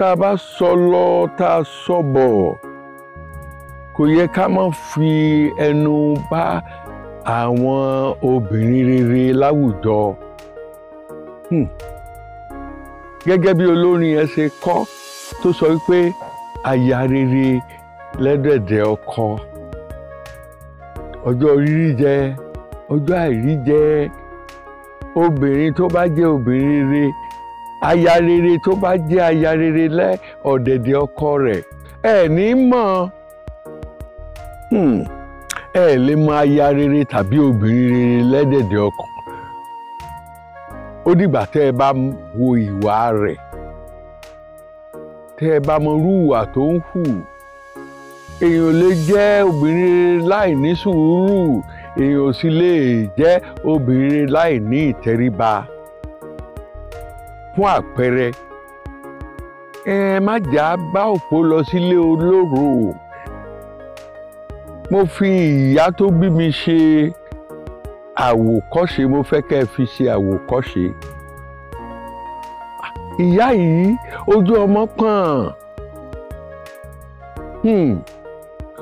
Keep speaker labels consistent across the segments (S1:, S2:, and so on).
S1: tá a bá sọ lọ tá a sọ bọ̀ kò yẹ ká má fi ẹnu bá àwọn obìnrin rere láwùjọ hmm. gẹ́gẹ́ bí olórin yẹn ṣe kọ tó sọ wípé aya rere lẹ́dẹ̀dẹ̀ ọkọ ọjọ́ rírí jẹ ọjọ́ àìrí jẹ obìnrin tó bá jẹ́ obìnrin rere aya rere tó bá jẹ́ aya rere lẹ́ ọ̀dẹ̀dẹ̀ ọkọ rẹ̀ ẹ ní mọ̀ hmm, ẹ lè mọ aya rere tàbí obìnrin rere lẹ́dẹ̀dẹ̀ ọkọ ó dìgbà tẹ́ ẹ bá wo ìwà rẹ̀ tẹ́ ẹ bá mọ irú tó ń hù èèyàn lè jẹ́ obìnrin rere láì ní sùúrù èèyàn sì lè jẹ́ obìnrin rere láì ní ìtẹríba fún àpẹẹrẹ ẹ má jà bá òpó lọ sílé olóró mo fi ìyá tó bí mi ṣe àwòkọ́ṣe mo fẹ́ kẹ́ ẹ fi ṣe àwòkọ́ṣe ìyá yìí ojú ọmọ pọ̀n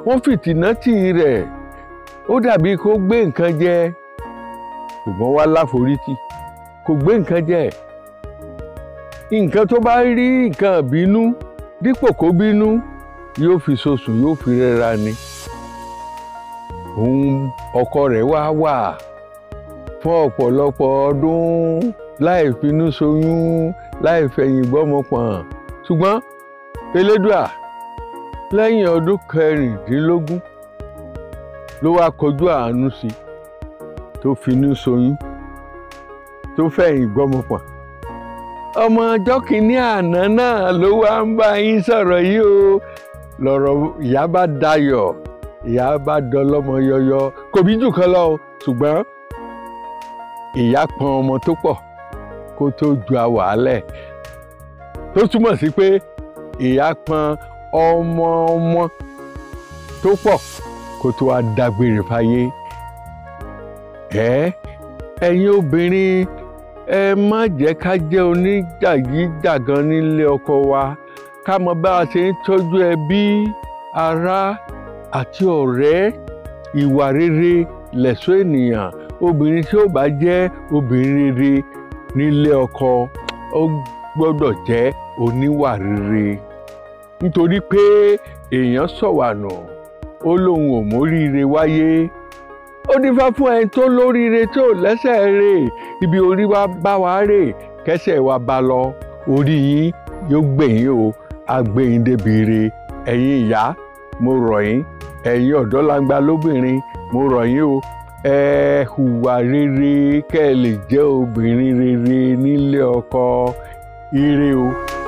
S1: wọ́n hmm. fìtínà tì í rẹ̀ ó dàbí kó gbé nǹkan jẹ ṣùgbọ́n wá láforítì kò gbé nǹkan jẹ nǹkan tó bá rí nǹkan bínú dípò kó bínú yóò fi ṣoṣù yóò fi rẹ́ra ni òun ọkọ rẹ̀ wá wà fún ọ̀pọ̀lọpọ̀ ọdún láì finú ṣoyún láì fẹ̀yìn gbọ́mọpọ̀n ṣùgbọ́n elédùà lẹ́yìn ọdún kẹrìndínlógún ló wá kọjú àánú sí tó finú ṣoyún tó fẹ̀yìn gbọ́mọpọ̀n ọmọ ọjọ́ kìíní àná náà ló wá ń bá yín sọ̀rọ̀ yìí o lọ̀rọ̀ ìyá bá dayọ̀ ìyá bá dọlọ́mọ yọyọ kò bí jù kan lọ o ṣùgbọ́n ìyá pọn ọmọ tó pọ̀ kó tó ju àwàálẹ̀ tó túmọ̀ sí pé ìyá pọn ọmọ ọmọ tó pọ̀ kó tó wá dágbére fáyé ẹ ẹ̀yin obìnrin ẹ má jẹ́ ká jẹ́ oníjàgídàgan nílé ọkọ wa ká mọ bá a ṣe ń tọ́jú ẹbí ará àti ọ̀rẹ́ ìwà rere lẹ̀ṣọ́ ènìyàn obìnrin tí ó bá jẹ́ obìnrin rere nílé ọkọ ó gbọ́dọ̀ jẹ́ oníwà rere nítorí pé èèyàn sọ̀wànà ó lóun ò móríire wáyé ó dífá fún ẹni tó lóríire tó lẹ́sẹ̀ rè ibi orí wa bá wa rè kẹsẹ̀ wa bá lọ orí yín yóò gbẹ̀yìn o àgbẹ̀yìn débi re ẹ̀yin ìyá mo rọ̀ yín ẹ̀yin ọ̀dọ́langba lóbìnrin mo rọ̀ yín o ẹ hùwà rere kẹ́ ẹ lè jẹ́ obìnrin rere nílé ọkọ ire o.